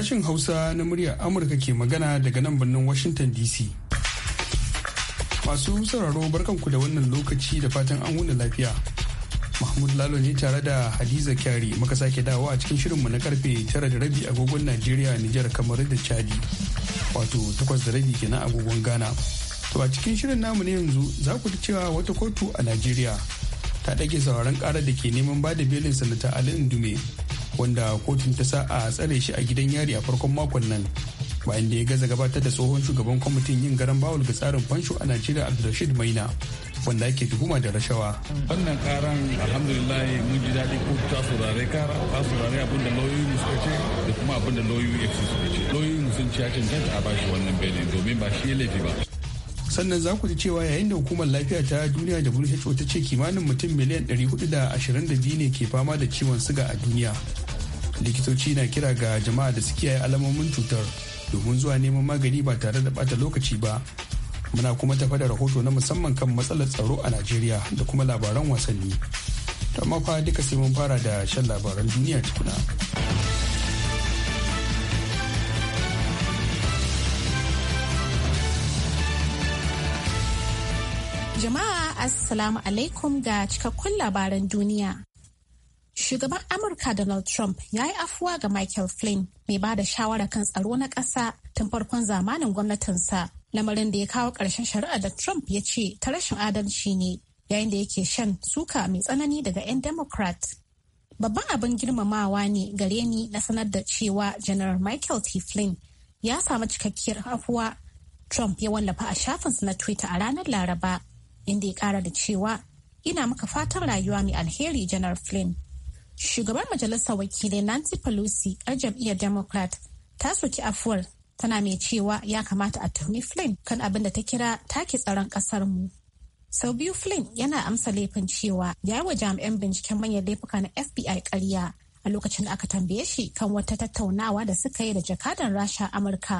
Sashen Hausa na murya Amurka ke magana daga nan birnin Washington DC. Masu sauraro barkanku da wannan lokaci da fatan an wuni lafiya. Mahmud Lalo ne tare da Hadiza Kyari muka sake dawo a cikin shirinmu na karfe tara da rabi agogon Najeriya, Nijar, kamar da Chadi. Wato takwas da rabi kenan agogon Ghana. To a cikin shirin namu ne yanzu za ku ji cewa wata kotu a Najeriya ta ɗage sauraron kara da ke neman ba da belin sanata Ali Indume wanda kotun ta sa a tsare shi a gidan yari a farkon makon nan bayan da ya gaza gabatar da tsohon shugaban kwamitin yin garan bawul ga tsarin fansho a najeriya abdulrashid maina wanda ake tuhuma da rashawa. Wannan karan alhamdulillah mun ji daɗi ko ta saurare kara ta saurare abin da lauyoyi suka ce da kuma abin da lauyoyi FC suka ce. Lauyoyi sun ci ya cancanta a bashi wannan belin domin ba shi ya laifi ba. Sannan za ku ji cewa yayin da hukumar lafiya ta duniya da WHO ta ce kimanin mutum miliyan 422 ne ke fama da ciwon siga a duniya. likitoci na kira ga jama'a da su alamomin cutar domin zuwa neman magani ba tare da bata lokaci ba muna kuma tafa da rahoto na musamman kan matsalar tsaro a najeriya da kuma labaran wasanni ta mafa duka sai mun fara da shan labaran duniya tukuna jama'a assalamu alaikum ga cikakkun labaran duniya shugaban amurka donald trump ya yi afuwa ga michael flynn mai ba da shawara kan tsaro na ƙasa tun farkon zamanin gwamnatinsa lamarin da ya kawo ƙarshen shari'a da trump ya ce ta rashin adalci ne yayin da yake shan suka mai tsanani daga 'yan democrat babban abin girmamawa ne gare ni na sanar da cewa general michael t flynn ya samu cikakkiyar afuwa trump ya wallafa a shafinsa na twitter a ranar laraba inda ya kara da cewa ina maka fatan rayuwa mai alheri janar flynn shugabar majalisar wakilai nancy pelosi yar jam'iyyar democrat ta soki afuwar tana mai cewa ya kamata a tuhumi flynn kan abin da ta kira take tsaron kasar mu sau biyu flynn yana amsa laifin cewa ya yi wa jami'an binciken manyan laifuka na fbi karya a lokacin da aka tambaye shi kan wata tattaunawa da suka yi da jakadan rasha amurka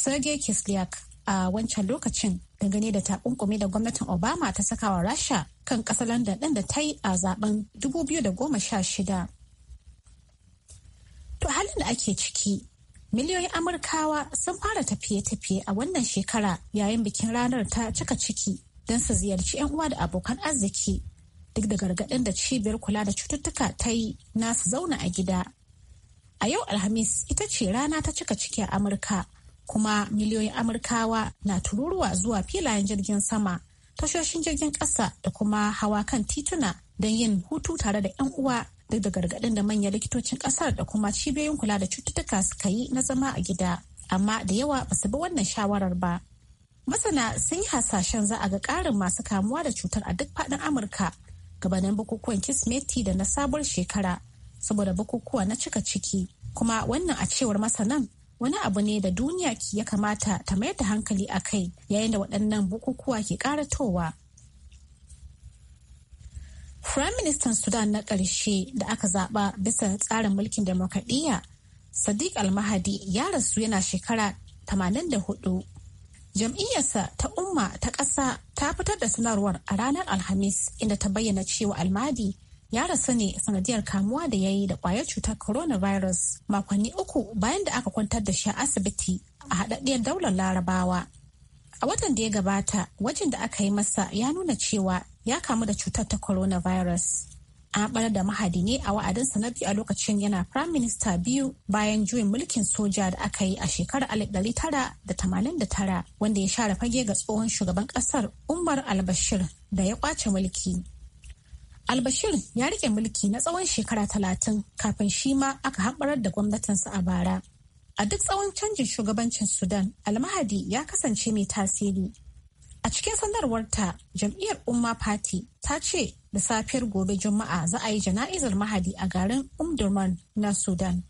sergey kislyak a wancan lokacin dangane da takunkumi da gwamnatin obama ta saka wa rasha kan ƙasar london ɗin da ta yi a zaben 2016 to halin da ake ciki miliyoyin amurkawa sun fara tafiye-tafiye a wannan shekara yayin bikin ranar ta cika ciki don su ziyarci 'yan uwa da abokan arziki duk da gargaɗin da cibiyar kula da cututtuka ta yi na zauna a gida a yau alhamis ita ce rana ta cika ciki a amurka kuma miliyoyin amurkawa na tururuwa zuwa filayen jirgin sama tashoshin jirgin kasa da kuma hawa kan tituna don yin hutu tare da 'yan uwa duk da gargaɗin da manyan likitocin ƙasar da kuma cibiyoyin kula da cututtuka suka yi na zama a gida amma da yawa ba su bi wannan shawarar ba masana sun yi hasashen za a ga ƙarin masu kamuwa da cutar a duk faɗin amurka gabanin bukukuwan kismeti da na sabuwar shekara saboda bukukuwa na cika ciki kuma wannan a cewar masanan wani abu ne da duniya ya kamata ta mayar da hankali a kai yayin da waɗannan bukukuwa ke ƙaratowa. Firayim Ministan Sudan na ƙarshe da aka zaɓa bisa tsarin mulkin demokradiyya Sadiq Almahadi ya rasu yana shekara 84. Jam'iyyarsa ta umma ta ƙasa ta fitar da sanarwar a ranar Alhamis inda ta bayyana cewa Almadi ya rasu ne sanadiyar kamuwa da ya yi da kwayar cutar coronavirus makonni uku bayan da aka kwantar da shi a asibiti a haɗaɗɗiyar daular larabawa a watan da ya gabata wajen da aka yi masa ya nuna cewa ya kamu da cutar ta coronavirus an ɓar da mahadi ne a wa'adinsa na biyu a lokacin yana prime minister biyu bayan juyin mulkin soja da aka yi a shekarar 1989 wanda ya share fage ga tsohon shugaban ƙasar umar albashir da ya kwace mulki Albashir ya rike mulki na tsawon shekara talatin kafin shi ma aka haɓarar da gwamnatinsa a bara. A duk tsawon canjin shugabancin Sudan, Almahadi ya kasance mai tasiri. A cikin sanarwarta, jam'iyyar Umma Party ta ce da safiyar gobe Juma'a za a yi jana'izar Mahadi a garin Umdurman na Sudan.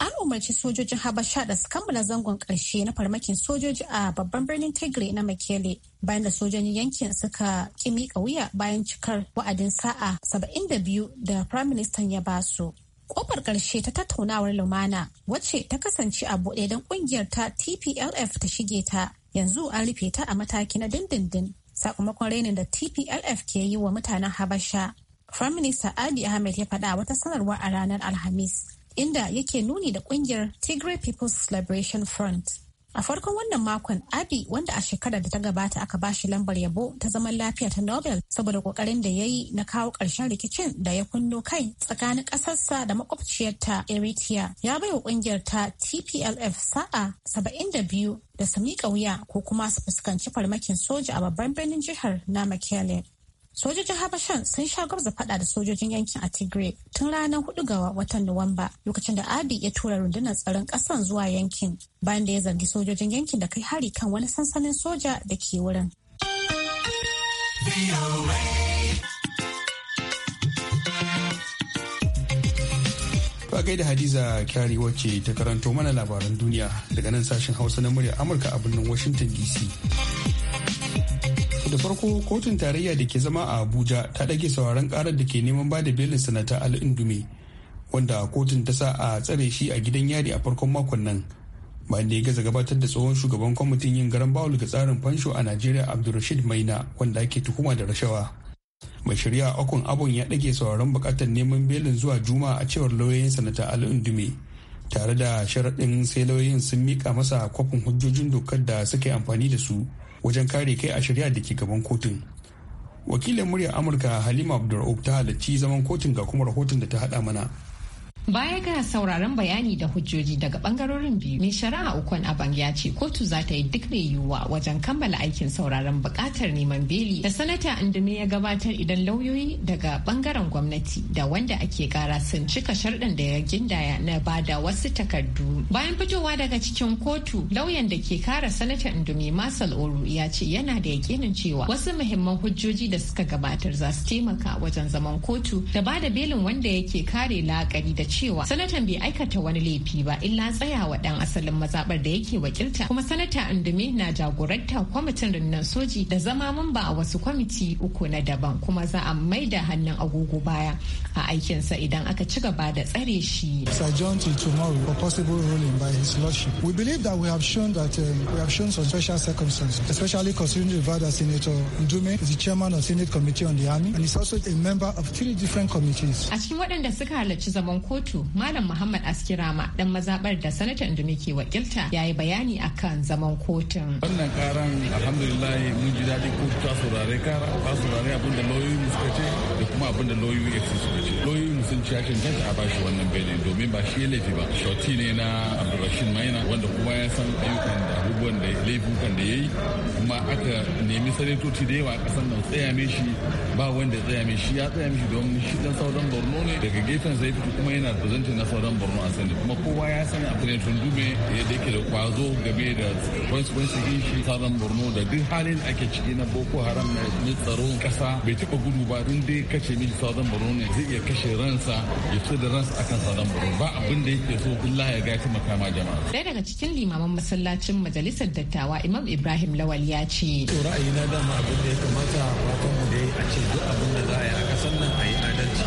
an umarci sojojin habasha da su kammala zangon karshe na farmakin sojoji a babban birnin tigray na makele bayan da sojojin yankin suka kimi wuya bayan cikar wa'adin sa'a 72 da prime minister ya basu kofar karshe ta tattaunawar lumana wacce ta kasance a buɗe don kungiyar ta tplf ta shige ta yanzu an rufe ta a mataki na dindindin sakamakon rainin da tplf ke yi wa mutanen habasha prime minister abi ahmed ya faɗa wata sanarwa a ranar alhamis inda yake nuni da kungiyar Tigray People's Liberation Front. A farkon wannan makon, Abi wanda a shekarar da ta gabata aka bashi lambar yabo ta zaman lafiya ta Nobel saboda kokarin da ya yi na kawo ƙarshen rikicin da ya kunno kai tsakanin ƙasarsa da makwabciyarta Eritrea ya bai wa ƙungiyar ta TPLF sa'a 72 da su miƙa wuya ko kuma su fuskanci farmakin soja a babban birnin jihar na Mekelle. Sojojin Habashan sun sha gwabza fada da sojojin yankin a Tigray tun ranar 4 ga watan Nuwamba lokacin da Abi ya tura rundunar tsaron kasan zuwa yankin bayan da ya zargi sojojin yankin da kai hari kan wani sansanin soja da ke wurin. Fagai da Hadiza Kyari wacce ta karanto mana labaran duniya daga nan sashen Hausa na murya Amurka a birnin Washington DC. da farko kotun tarayya da ke zama a abuja ta ɗage sauraron karar da ke neman ba da belin sanata al'indume wanda kotun ta sa a tsare shi a gidan yari a farkon makon nan bayan da ya gaza gabatar da tsohon shugaban kwamitin yin garan bawul ga tsarin fansho a najeriya abdulrashid maina wanda ake tuhuma da rashawa mai shari'a okun abon ya ɗage sauraron bukatar neman belin zuwa juma a cewar lauyoyin sanata al'indume tare da sharaɗin sai lauyoyin sun miƙa masa kwafin hujjojin dokar da suka yi amfani da su wajen kare kai a shari'a da ke gaban kotun wakilin muryar amurka halima abdulrauf ta halarci zaman kotun ga kuma rahoton da ta haɗa mana Baya ga sauraron bayani da hujjoji daga bangarorin biyu, mai shari'a Ukon Abang ya ce kotu za ta yi duk mai yiwuwa wajen kammala aikin sauraron bukatar neman beli da sanata andume ya gabatar idan lauyoyi daga bangaren gwamnati da wanda ake kara sun cika sharɗin da ya gindaya na bada wasu takardu. Bayan fitowa daga cikin kotu, lauyan da ke kara sanata andume Masal Oru ya ce yana da yakinin cewa wasu muhimman hujjoji da suka gabatar za su taimaka wajen zaman kotu da ba da belin wanda yake kare laƙari da cewa sanatan bai aikata wani laifi ba illa tsayawa dan asalin mazabar da yake wakilta kuma sanata Indume na jagoranta kwamitin rundunar soji da zama mamba a wasu kwamiti uku na daban kuma za a mai da hannun agogo baya a aikinsa idan aka ci gaba da tsare shi. Sir John till tomorrow for possible ruling by his lordship. We believe that we have shown that um, we have shown some special circumstances, especially considering the Vada Senator Ndume is the chairman of Senate Committee on the Army and is also a member of three different committees. A cikin waɗanda suka halarci zaman kotu kotu Malam Muhammad Askirama dan mazabar da sanatan da muke wakilta ya yi bayani akan zaman kotun. Wannan karan alhamdulillah mun ji daɗin kotu ta saurare kara ta saurare abinda da lauyoyi suka ce da kuma abin da lauyoyi suka ce. sun ci ya cancanta a bashi wannan belin domin ba shi laifi ba shoti ne na abdulrashin maina wanda kuma ya san ayyukan da abubuwan da laifukan da ya yi kuma aka nemi sanatoci da yawa a ƙasar nan tsaya mishi ba wanda tsaya mishi ya tsaya mishi don shi dan sauran borno ne daga gefen zai fito kuma yana presenti na sauran borno a sani kuma kowa ya san a sanatun dume yadda yake da kwazo game da kwansu-kwansu yin shi sauran borno da duk halin ake ciki na boko haram na tsaro kasa bai taɓa gudu ba in dai kace mishi sauran borno ne zai iya kashe ran kansa ya so da ransa akan sauran baro ba abin da yake so billah ya ga ya taimaka ma jama'a ɗaya daga cikin limaman masallacin majalisar dattawa imam ibrahim lawal ya ce to ra'ayina dama abin da ya kamata fatan mu dai a ce duk abin da za a yi a kasan nan a yi adalci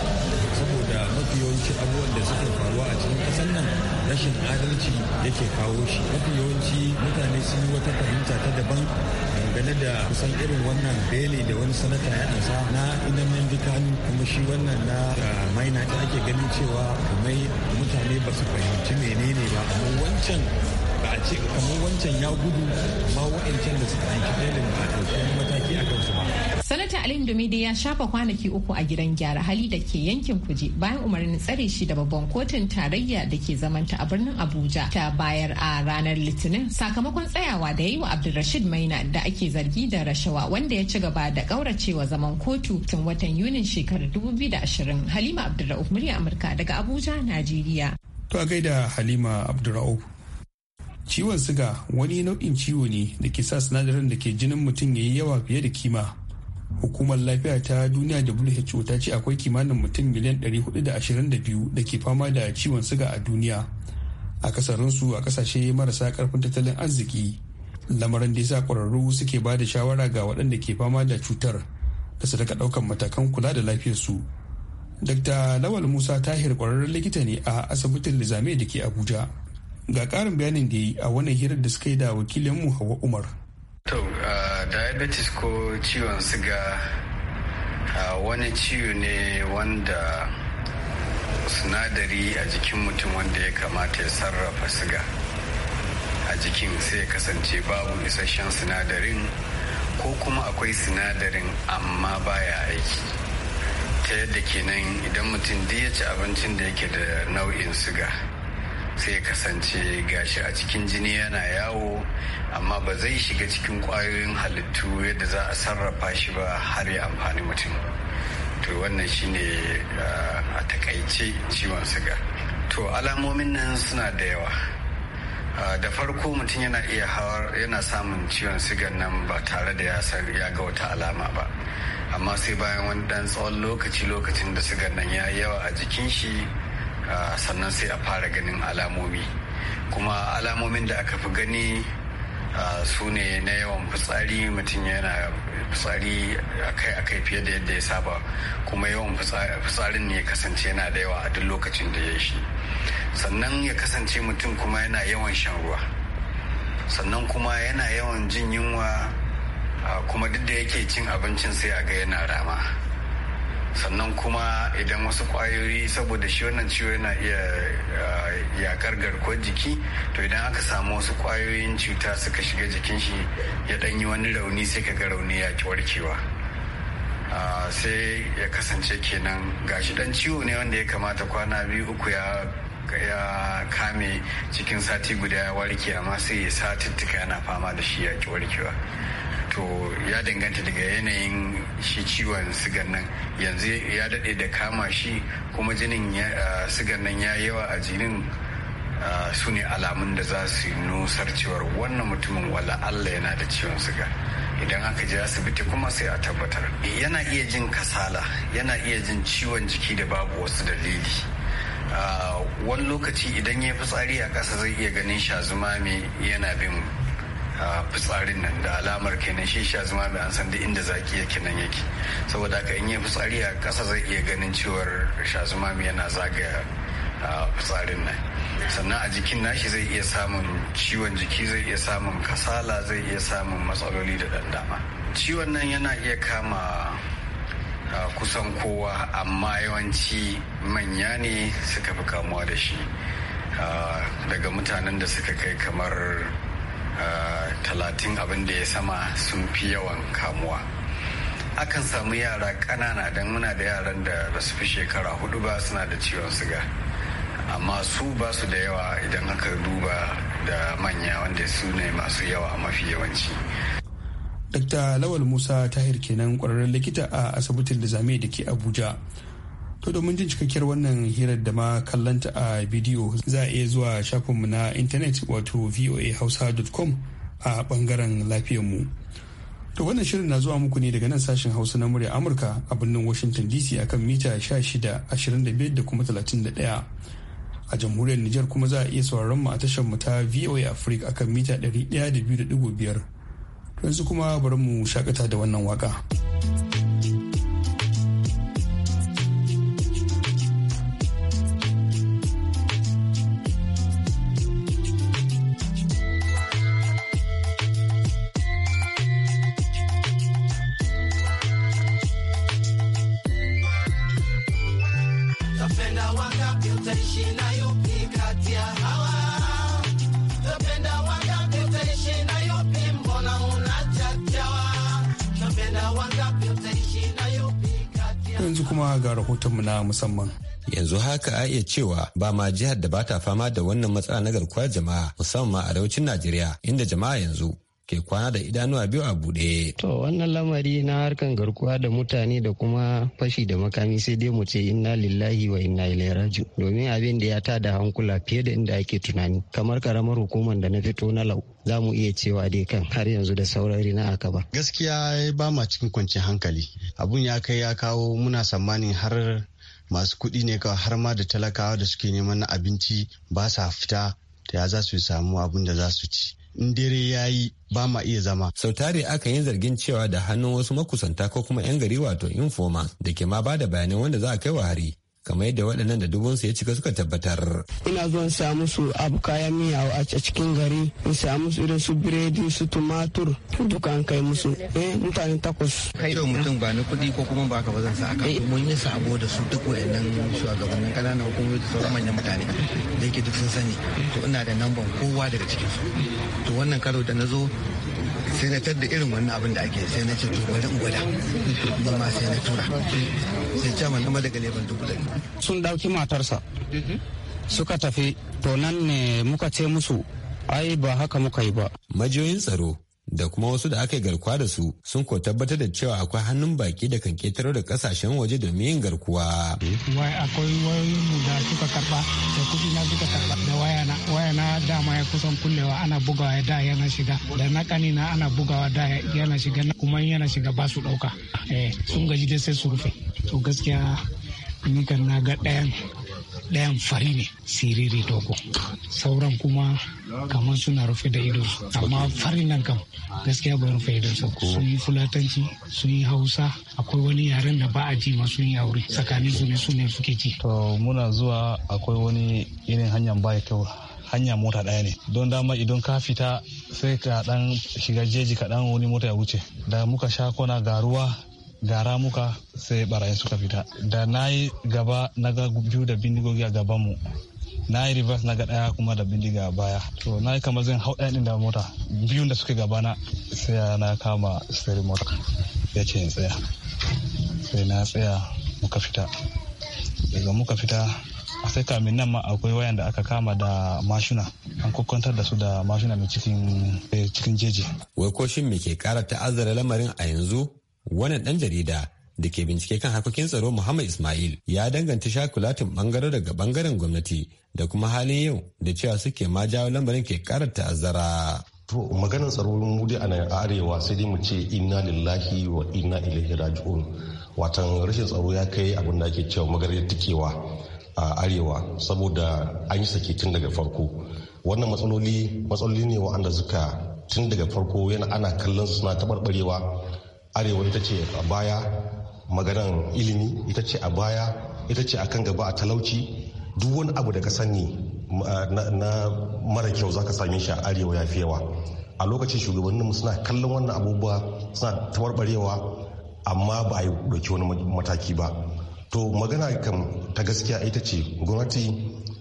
saboda mafi yawanci abubuwan da suke faruwa a cikin kasan nan rashin adalci yake kawo shi mafi yawanci mutane sun yi wata fahimta ta daban dangane da kusan irin wannan bele da wani sanata ya ansa na nan dukkanin kuma shi wannan na maina ta ake ganin cewa kamar mutane ba su fahimci menene ba amma wancan a ce kamar wancan ya gudu ma wa'ancan da suka aiki ɗaya ba a ɗauki mataki a kansu ba. sanata alim dumide ya shafa kwanaki uku a gidan gyara hali da ke yankin kuje bayan umarnin tsare shi da babban kotun tarayya da ke zamanta a birnin abuja ta bayar a ranar litinin sakamakon tsayawa da ya yi wa abdulrashid maina da ake zargi da rashawa wanda ya ci gaba da kauracewa zaman kotu tun watan yunin shekarar 2020 halima abdulrauf murya amurka daga abuja najeriya to a gaida halima abdulrauf ciwon suga wani nau'in ciwo ne da ke sa sinadarin da ke jinin mutum ya yi yawa fiye da kima hukumar lafiya ta duniya who ta ce akwai kimanin mutum miliyan 422 da ke fama da ciwon suga a duniya a kasarinsu a kasashe marasa karfin tattalin arziki lamarin da ya sa kwararru suke ba da shawara ga waɗanda ke fama da cutar da su daga ɗaukar matakan kula da lafiyarsu dr lawal musa tahir kwararren likita ne a asibitin lizame da ke abuja ga karin bayanin da yi a wannan hirar da suka yi da wakilinmu hawa umar to diabetes ko ciwon siga wani ciwo ne wanda sinadari a jikin mutum wanda ya kamata ya sarrafa siga a jikin sai ya kasance babu isasshen sinadarin ko kuma akwai sinadarin amma baya aiki ta yadda kenan idan mutum ya ci abincin da yake da nau'in siga sai ya kasance gashi a cikin jini yana yawo amma ba zai shiga cikin kwayoyin halittu yadda za a sarrafa shi ba har ya amfani mutum to wannan shine a takaice ciwon siga to alamomin nan suna da yawa da farko mutum yana iya yana samun ciwon sigan nan ba tare da ya ya ga wata alama ba amma sai bayan wani dan tsawon lokaci lokacin da sigar nan ya yawa a jikin shi sannan sai a fara ganin alamomi kuma alamomin da aka fi gani su ne na yawan fitsari mutum yana fitsari akai-akai fiye da yadda ya saba kuma yawan fitsarin ne ya kasance yana da yawa a duk lokacin da ya shi sannan ya kasance mutum kuma yana yawan shan ruwa sannan kuma yana yawan jin yunwa kuma duk da yake cin abincin sai a ga yana rama sannan kuma idan wasu kwayoyi saboda shi wannan ciwo yana iya eh, yakar garkuwar jiki to idan aka samu wasu kwayoyin cuta suka shiga jikin shi ya danyi wani rauni sai ka ga rauni ya ki warkewa ah, sai ya kasance kenan gashi dan ciwo ne wanda ya kamata kwana biyu uku ya ya kame cikin sati guda ya warke amma sai ya satuttuka yana fama da shi ya ki warkewa to ya danganta daga yanayin shi ciwon sigan nan yanzu ya daɗe da kama shi kuma jinin sigan nan ya yawa a jinin su ne alamun da za su nusar cewar wannan mutumin wala Allah yana da ciwon siga idan aka je asibiti kuma sai a tabbatar yana iya jin kasala yana iya jin ciwon jiki da babu wasu dalili wani lokaci idan ya fitsari a ƙasa zai iya ganin mai yana bin fitsarin nan da alamar kenan shi sha zama mai an san duk inda zaki yake nan yake saboda haka in yi fitsari a ƙasa zai iya ganin cewar sha zama yana zagaya a fitsarin nan sannan a jikin nashi zai iya samun ciwon jiki zai iya samun kasala zai iya samun matsaloli da dandama ciwon nan yana iya kama kusan kowa amma yawanci manya ne suka fi kamuwa da shi daga mutanen da suka kai kamar talatin abin da ya sama sun fi yawan kamuwa akan samu yara ƙanana don muna da yaran da ba su fi shekara hudu ba suna da ciwon siga amma su ba su da yawa idan aka duba da manya wanda su ne masu yawa mafi yawanci Dr. Lawal Musa Tahir kenan kwararren likita a asibitin da zame da ke Abuja. To domin jin cikakkiyar wannan hirar da ma kallanta a bidiyo za a iya zuwa shafinmu na intanet wato voahausa.com a bangaren lafiyarmu. To wannan shirin na zuwa muku ne daga nan sashen Hausa na murya Amurka a birnin Washington DC akan mita 16, da kuma a jamhuriyar Nijar kuma za a iya sauraron mu a tashar mu ta VOA Africa akan mita 100.5. Yanzu kuma bari mu shakata da wannan waka. yanzu kuma ga rahotonmu na musamman. yanzu haka a iya cewa ba ma jihar da ba ta fama da wannan matsala na garkuwar jama'a musamman a arewacin najeriya inda jama'a yanzu ke kwana da idanuwa biyu a buɗe. To wannan lamari na harkan garkuwa da mutane da kuma fashi da makami sai dai mu ce inna lillahi wa inna ilaihi raji domin abin da ya ta da hankula fiye da inda ake tunani kamar karamar hukumar da na fito na lau za mu iya cewa dai kan har yanzu da saurari na aka ba. Gaskiya ba ma cikin kwanciyar hankali abun ya kai ya kawo muna tsammanin har masu kuɗi ne kawai har ma da talakawa da suke neman na abinci ba sa fita ta ya za su samu abin da za su ci in dare ya yi ba ma iya zama. sau tare akan yi zargin cewa da hannun wasu makusanta ko kuma 'yan gari wato infoma da ke ma ba da bayanai wanda za a kai wa hari kamar yadda waɗannan da dubunsu ya cika suka tabbatar. Ina zuwa samu su abu kayan miya a cikin gari in samu su irin su biredi su tumatur duka an kai musu eh mutane takwas. Kai mutum ba ni kuɗi ko kuma ba ka ba zan sa aka eh. mun yi sabo da su duk waɗannan shugabannin ƙananan hukumomi da sauran manyan mutane da yake duk sun sani to ina da namban kowa daga cikinsu to wannan karo da na zo sai na tadda irin wannan abin da ake sai na ce to bari in gwada ni ma sai na tura sai chairman na daga leban dubu dari sun dauki matarsa suka tafi to nan ne muka ce musu ai ba haka muka yi ba majiyoyin tsaro da kuma wasu da aka yi garkuwa da su sun ko tabbatar da cewa akwai hannun baki da kan ketaro da kasashen waje domin yin garkuwa. Wai akwai wayoyin da suka karba da kuɗi na suka karba da wayana wayana dama ya kusan kullewa ana bugawa da yana shiga da na kanina ana bugawa da yana shiga kuma yana shiga ba su ɗauka eh, sun gaji dai sai su rufe to gaskiya ni kan na ga ɗayan ɗayan fari ne siriri dogo sauran kuma kamar suna rufe da ido amma farin nan kam gaskiya ba rufe ido sun yi fulatanci sun yi hausa akwai wani yaren da ba a ji sun yi aure tsakanin su ne su ne suke ji to muna zuwa akwai wani irin hanyar ba kyau hanya mota ɗaya ne don dama idan ka fita sai ka dan shiga jeji ka kaɗan wani mota ya wuce da muka sha kona garuwa. Gara ramuka sai barayin suka fita da na yi gaba na ga biyu da bindigogi a gabanmu na yi reverse na ga daya kuma da bindiga a baya to na yi kamar zan hau ɗaya da mota biyun da suke gabana sai na kama steering mota ya ce in tsaya sai na tsaya muka fita daga muka fita sai kamin nan ma akwai wayan da aka kama da mashina an kwakwantar da su da mashina mai eh, cikin jeji wai ko shin me ke kara ta'azzara lamarin a yanzu wannan dan jarida da ke bincike kan harkokin tsaro Muhammad Ismail ya danganta shakulatin bangare daga bangaren gwamnati da kuma halin yau da cewa suke ma jawo lambarin ke kara ta'azzara. To maganar tsaro mu dai a arewa sai dai mu ce inna lillahi wa inna ilaihi raji'un. Watan rashin tsaro ya kai abin da ake cewa maganar tikewa a arewa saboda an yi sake tun daga farko. Wannan matsaloli matsaloli ne wa'anda suka tun daga farko yana ana kallon suna taɓarɓarewa arewa ita ce a baya maganan ilimi ita ce a baya ita ce kan gaba a talauci duk wani abu da ka sani na mara kyau za ka same shi a arewa ya yawa a lokacin shugabannin mu suna kallon wannan abubuwa suna tabarbarewa amma ba a yi doki wani mataki ba to magana kan ta gaskiya ita ce gwamnati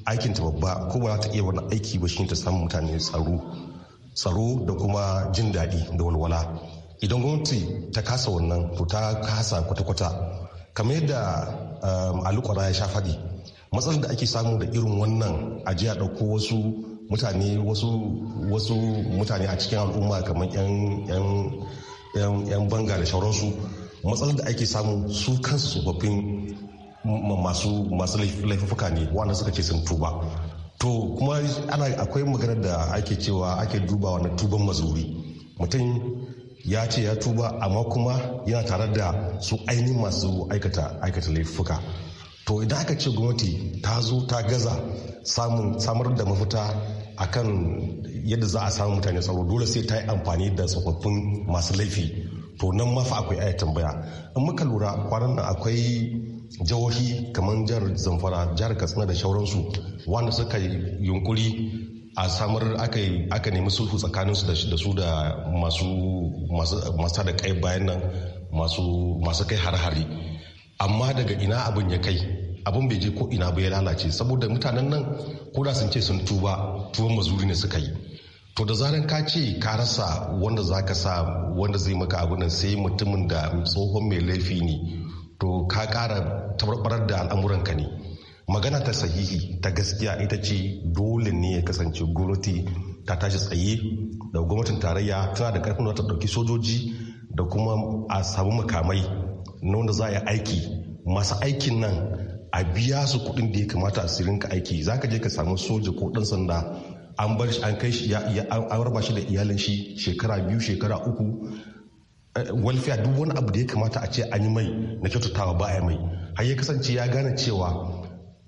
aikin ta babba ko ba za ta iya wani aiki ba shi ta samun mutane tsaro tsaro da kuma jin daɗi da walwala idan gwamnati ta kasa wannan to ta kasa kwata-kwata kamar yadda um, alukwara ya sha faɗi matsalar da ake samu da irin wannan ajiya ɗauko wasu mutane wasu mutane a cikin al'umma kamar yan banga da shauransu matsalar da ake samu su kansu tsofaffin masu laifuka ne wanda suka ce sun tuba to kuma ana akwai maganar da ake cewa ake dubawa na tuban mazuri mutum ya ce ya tuba amma kuma yana tare da su ainihin masu aikata aikata laifuka to idan aka ce gwamnati ta zo ta gaza samun samar da mafita akan yadda za a samu mutane tsaro dole sai ta yi amfani da tsofaffin masu laifi to nan mafi akwai aya tambaya in muka lura kwanan nan akwai jihohi kamar jihar zamfara jihar katsina da shauransu wanda suka yunkuri a samar aka nemi sulhu tsakanin da su da masu da kai bayan nan masu kai har-hari amma daga ina abin ya kai abin bai je ko ina ba ya lalace saboda mutanen nan ko da sun ce sun tuba tuwon mazuri ne suka yi to da zaran ka ce ka rasa wanda za ka sa wanda zai maka abin nan sai mutumin da tsohon mai laifi ne to ka kara tabarbarar da al'amuranka ne magana ta sahihi ta gaskiya ita ce dole ne ya kasance gwamnati ta tashi tsaye da gwamnatin tarayya tana da karfin ta ɗauki sojoji da kuma a samu makamai na wanda za a yi aiki masu aikin nan a biya su kuɗin da ya kamata a sirinka aiki za ka je ka samu soja ko ɗan sanda an bar shi an kai shi an raba shi da iyalin shi shekara biyu shekara uku eh, walfiya duk wani abu da ya kamata a ce an yi mai na kyautatawa ba a mai har ya kasance ya gane cewa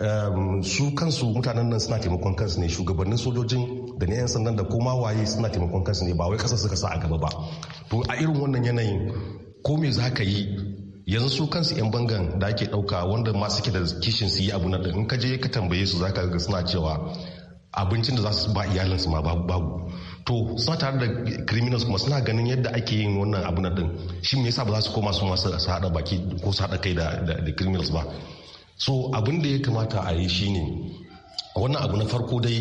Ehm, su kansu mutanen nan suna taimakon kansu ne shugabannin sojojin da na 'yan sandan da koma waye suna taimakon kansu ne ba wai kasar suka sa a gaba ba to a irin wannan yanayin ko me za ka yi yanzu su kansu 'yan bangan da ake ɗauka wanda ma suke da kishin su yi abu na in ka je ka tambaye su za ka ga suna cewa abincin da za su ba iyalinsu ma babu babu to suna tare da criminals kuma suna ganin yadda ake yin wannan abu na ɗin. shi me yasa ba za su koma su masu su haɗa baki ko su haɗa kai da criminals ba so abin da ya kamata a yi shine wannan abu na farko dai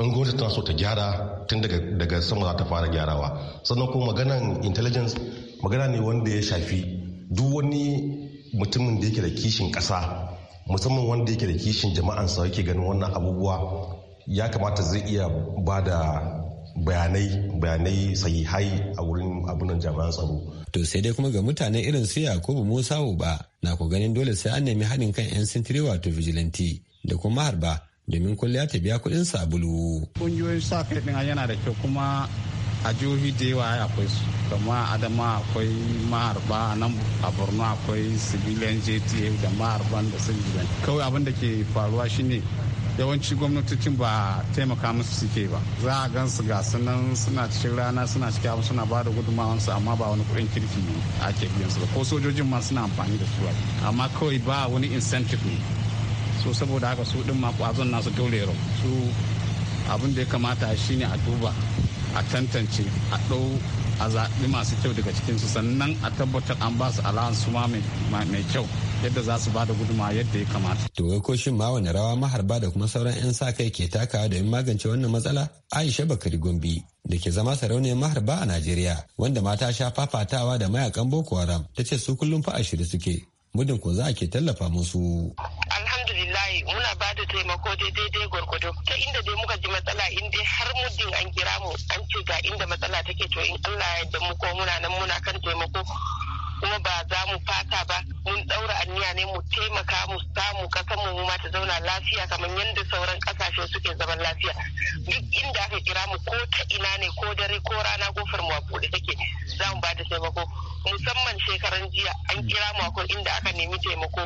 in gwamnati tana so ta gyara tun daga sama za ta fara gyarawa sannan kuma maganan intelligence magana ne wanda ya shafi duk wani mutumin da yake da kishin kasa musamman wanda yake da kishin jama'ansa yake ganin wannan abubuwa ya kamata zai iya ba da bayanai bayanai sahihai a wurin abunan jami'an tsaro. To sai dai kuma ga mutane irin su Yakubu Musa ba na ku ganin dole sai an nemi haɗin kan 'yan sintiri wato vigilante da kuma harba domin kulliya ta biya kuɗin sabulu. kungiyoyin sa kai ɗin yana da kyau kuma a jihohi da yawa akwai su kama adama akwai maharba a nan a borno akwai civilian jta da maharban da sun kawai abin da ke faruwa shine yawanci gwamnatocin ba taimaka musu suke ba za a gan su ga sunan suna cikin rana suna cikin abu suna ba da gudunmawansu amma ba wani kuɗin kirki ake biyan su ko sojojin ma suna amfani da su amma kawai ba wani incentive ne so saboda haka su ɗin ma ƙwazon nasu dole su abin da ya kamata shine a duba a tantance a ɗau a zaɓi masu kyau daga cikinsu sannan a tabbatar an ba su allowance su ma mai kyau yadda za su ba da guduma yadda ya kamata. To ko shin ma wani rawa maharba da kuma sauran 'yan sa kai ke takawa domin magance wannan matsala? Aisha Bakari gombi da ke zama sarauniyar maharba a Najeriya wanda mata sha fafatawa da mayakan Boko Haram ta ce su kullum fa a shirye suke muddin ko za a ke tallafa musu. muna ba da taimako daidai gwargwado ta inda dai muka ji matsala in dai har muddin an kira mu an ce ga inda matsala take to in Allah ya yarda mu ko muna nan muna kan taimako kuma ba za mu fata ba mun ɗaura anniya ne mu taimaka mu samu kasan mu ma ta zauna lafiya kamar yadda sauran kasashe suke zaman lafiya duk inda aka kira mu ko ta ina ne ko dare ko rana gofar mu a buɗe take za mu ba da taimako musamman shekaran jiya an kira mu akwai inda aka nemi taimako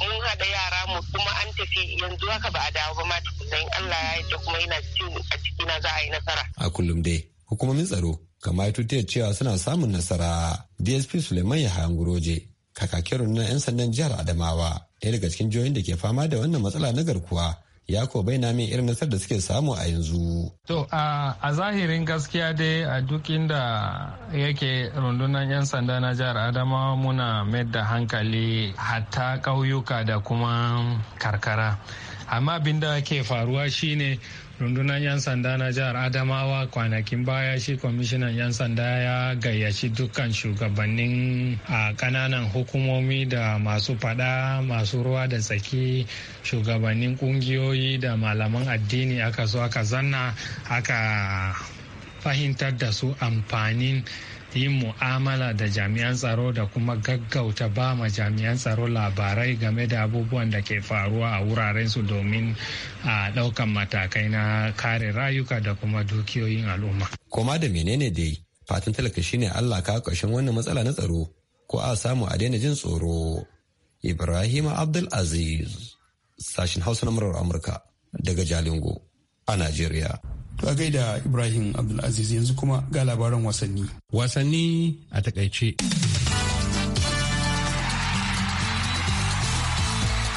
mun haɗa yara mu kuma an tafi yanzu haka ba a dawo ba ma tukunan Allah ya yarda kuma yana cikin a cikina za a yi nasara a kullum dai hukumomin tsaro kamar tutiyar cewa suna samun nasara dsp suleiman yahaya guroje kakakin na 'yan sandan jihar adamawa ɗaya daga cikin jihohin da ke fama da wannan matsala na garkuwa ya ko bayyana min irin nasar da suke samu a yanzu. To a zahirin gaskiya dai a duk inda yake rundunar 'yan sanda na jihar Adamawa muna mai da hankali hatta ƙauyuka da kuma karkara. Amma abin ke faruwa shine rundunar 'yan sanda na jihar adamawa kwanakin baya shi kwamishinan 'yan sanda ya gayyaci dukkan shugabannin a kananan hukumomi da masu fada masu ruwa da tsaki shugabannin kungiyoyi da malaman addini aka zo aka zanna aka fahimtar da su amfanin yin mu'amala da jami'an tsaro da kuma gaggauta ba ma jami'an tsaro labarai game da abubuwan da ke faruwa a wuraren su domin a ɗaukan matakai na kare rayuka da kuma dukiyoyin al'umma. Koma da menene dai fatan talaka shine Allah ka kashin wannan matsala na tsaro ko a samu a daina jin tsoro. Ibrahim Abdul Aziz sashin Hausa na Amurka daga Jalingo a Najeriya. Ka gaida Ibrahim Abdulaziz yanzu kuma ga labaran wasanni. Wasanni a takaice.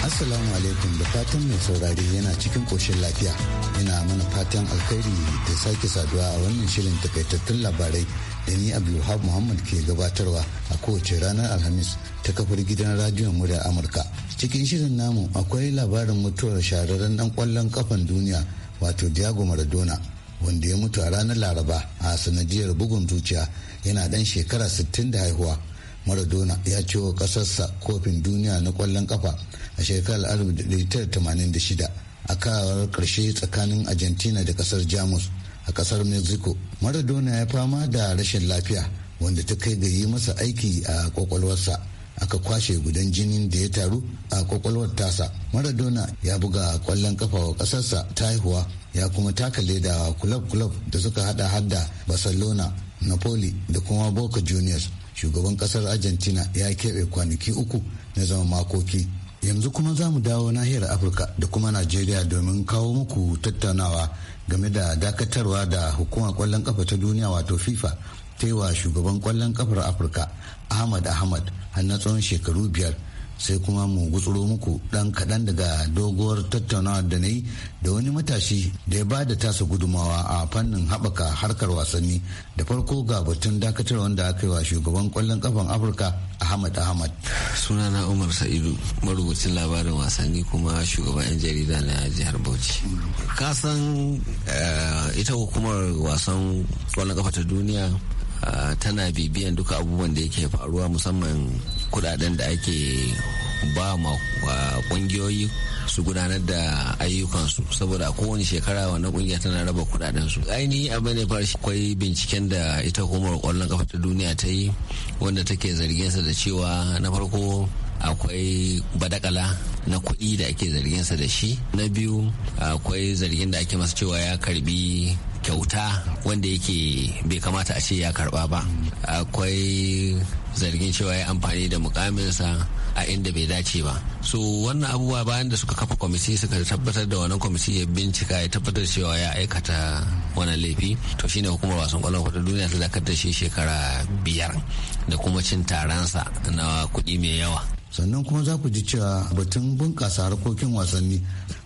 Assalamu alaikum da fatan mai saurari yana cikin koshin lafiya. yana mana fatan alkhairi da sake saduwa a wannan shirin takaitattun labarai da ni Abdulhab Muhammad ke gabatarwa a kowace ranar Alhamis ta kafar gidan radiyon muryar Amurka. Cikin shirin namu akwai labarin mutuwar shahararren ɗan kwallon ƙafan duniya wato diago maradona wanda ya mutu a ranar laraba a sanadiyar bugun zuciya yana dan shekara 60 da haihuwa maradona ya ce wa kasarsa kofin duniya na kwallon kafa a shekarar 1986 a kawar karshe tsakanin argentina da kasar jamus a kasar mexico maradona ya fama da rashin lafiya wanda ta kai ga yi masa aiki a kwakwalwarsa aka kwashe gudan jinin da ya taru a kwakwalwar tasa maradona ya buga kwallon kafa wa kasarsa ta haihuwa ya kuma taka leda wa kulab kulab da suka hada hadda barcelona napoli da kuma boca juniors shugaban kasar argentina ya keɓe kwanaki uku na zama makoki yanzu kuma za mu dawo nahiyar afirka da kuma najeriya domin kawo muku tattaunawa game da dakatarwa da hukumar kwallon kafa ta duniya wato fifa ta yi wa shugaban kwallon kafar afirka ahmad ahmad har na tsawon shekaru biyar sai kuma mu gutsuro muku dan kaɗan daga doguwar tattaunawa da na yi da wani matashi da ya ba da tasa gudumawa a fannin haɓaka harkar wasanni da farko ga batun dakatar wanda aka yi wa shugaban kwallon kafan afirka ahmad ahmad sunana umar sa'idu marubucin labarin wasanni kuma shugaban yan jarida na jihar bauchi kasan eh, ita hukumar wasan kwallon kafa ta duniya tana bibiyan duka abubuwan da yake faruwa musamman kudaden da ake ba ma kungiyoyi su gudanar da ayyukansu saboda kowane shekara wannan kungiya tana raba kudadensu ainihi abin ne farshe akwai binciken da ita hukumar kwallon kafa ta duniya ta yi wanda take zargin sa da cewa na farko akwai badakala na kuɗi da ake zarginsa da shi na biyu akwai zargin da ake masa cewa ya karbi kyauta wanda yake bai kamata a ce ya karba ba akwai zargin cewa ya amfani da mukaminsa a inda bai dace ba so wannan abubuwa bayan da suka kafa kwamiti suka tabbatar da wannan kwamiti ya bincika ya tabbatar cewa ya aikata wannan laifi to shine hukumar wasan kwallon kwadon duniya ta dakatar da shi shekara biyar da kuma cin taransa na kuɗi mai yawa sannan kuma za ku ji cewa batun bunƙasa harkokin wasanni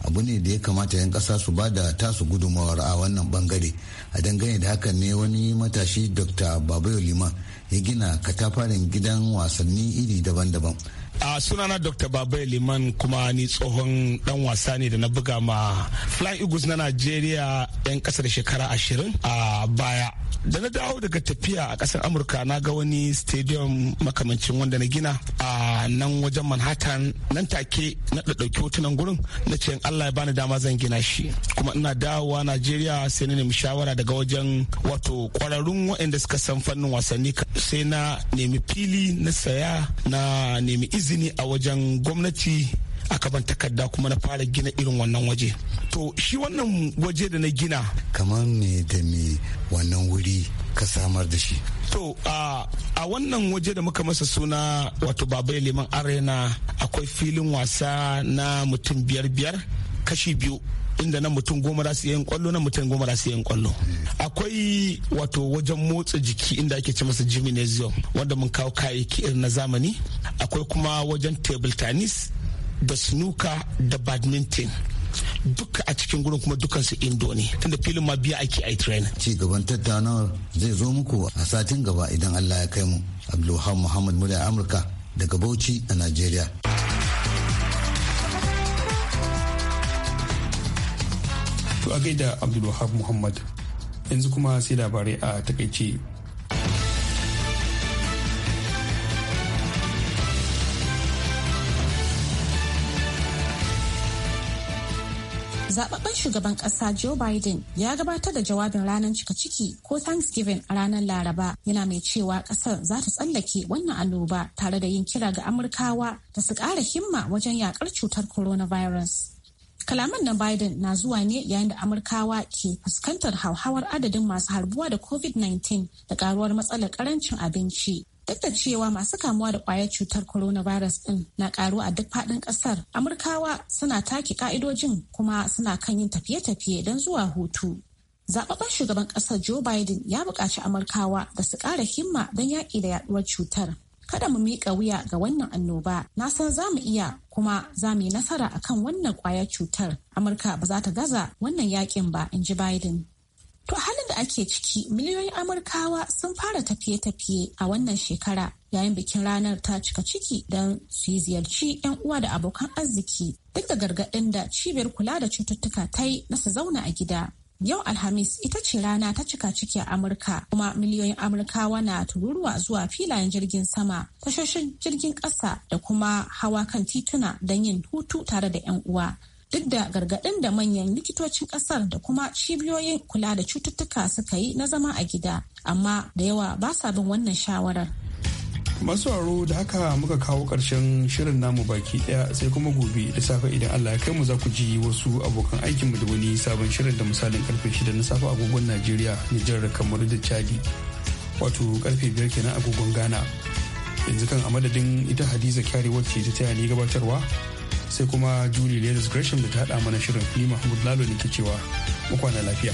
abu ne da ya kamata 'yan ƙasa su ba da tasu gudunmawar a wannan bangare a dangane da hakan ne wani matashi dr babayo liman ya gina katafarin gidan wasanni iri daban-daban a sunana dr babai liman kuma ni tsohon dan wasa ne da na buga ma fly eagles na nigeria yan kasar shekara ashirin a baya da na dawo daga tafiya a kasar amurka na ga wani stadium makamancin wanda na gina a nan wajen manhattan nan take na ɗauki hotunan gurin na ce allah ya bani dama zan gina shi kuma ina dawowa najeriya sai na nemi shawara daga wajen wato ƙwararrun waɗanda suka san fannin wasanni sai na nemi fili na saya na nemi izini a wajen gwamnati a kaban takarda kuma na fara gina irin wannan waje to shi wannan waje da na gina kamar me da me wannan wuri ka samar da shi to a wannan waje da muka masa suna wato babai liman arena akwai filin wasa na mutum biyar biyar kashi biyu inda na mutum goma za su yin kwallo na mutum goma za su yin kwallo akwai wato wajen motsa jiki inda ake ce masa gymnasium wanda mun kawo kayayyaki irin na zamani akwai kuma wajen table tennis da snooker da badminton duka a cikin gurin kuma dukansu indo ne tunda filin ma biya ake ai train ci gaban tattaunawar zai zo muku a satin gaba idan Allah ya kai mu Abdulhamid Muhammad Murya Amurka daga Bauchi a Najeriya to a gaida Abdulwahab Muhammad yanzu kuma sai labarai a takaice zababben shugaban kasa Joe Biden ya gabatar da jawabin ranar cika ciki ko Thanksgiving a ranar Laraba yana mai cewa kasar za ta tsallake wannan annoba tare da yin kira ga Amurkawa da su ƙara himma wajen yakar cutar coronavirus. Kalaman na Biden na zuwa ne yayin da Amurkawa ke fuskantar hauhawar adadin masu harbuwa da COVID-19 da karuwar matsalar karancin abinci Duk da cewa masu kamuwa da kwayar cutar coronavirus din na ƙaruwa a duk faɗin ƙasar, Amurkawa suna take ka'idojin kuma suna kan yin tafiye-tafiye don zuwa hutu. zababban shugaban ƙasar Joe Biden ya buƙaci Amurkawa da su ƙara himma don yaƙi da yaɗuwar cutar. kada mu miƙa wuya ga wannan annoba na san za mu iya kuma za mu yi nasara akan wannan kwayar cutar amurka ba za ta gaza wannan yaƙin ba in ji biden To halin da ake ciki miliyoyin Amurkawa sun fara tafiye-tafiye a wannan shekara yayin bikin ranar ta cika ciki don su yi ziyarci 'yan uwa da abokan arziki duk da gargaɗin da cibiyar kula da cututtuka ta yi na su zauna a gida. Yau Alhamis ita ce rana ta cika ciki a Amurka kuma miliyoyin Amurkawa na tururuwa zuwa filayen jirgin sama, tashoshin jirgin ƙasa da kuma hawa kan tituna don yin hutu tare da 'yan uwa. duk da gargaɗin da manyan likitocin ƙasar da kuma cibiyoyin kula da cututtuka suka yi na zama a gida amma da yawa ba sa bin wannan shawarar. masu aro da haka muka kawo ƙarshen shirin namu baki ɗaya sai kuma gobe da safe idan allah ya kai mu za ku ji wasu abokan aikinmu da wani sabon shirin da misalin karfe shida na safe agogon najeriya nijar kamar da chadi wato karfe biyar kenan agogon ghana yanzu kan a madadin ita hadiza kyari wacce ta taya ni gabatarwa sai kuma Julie lewis Gresham da ta haɗa mana shirin ni Mahmud Lalo ne ke cewa mu lafiya.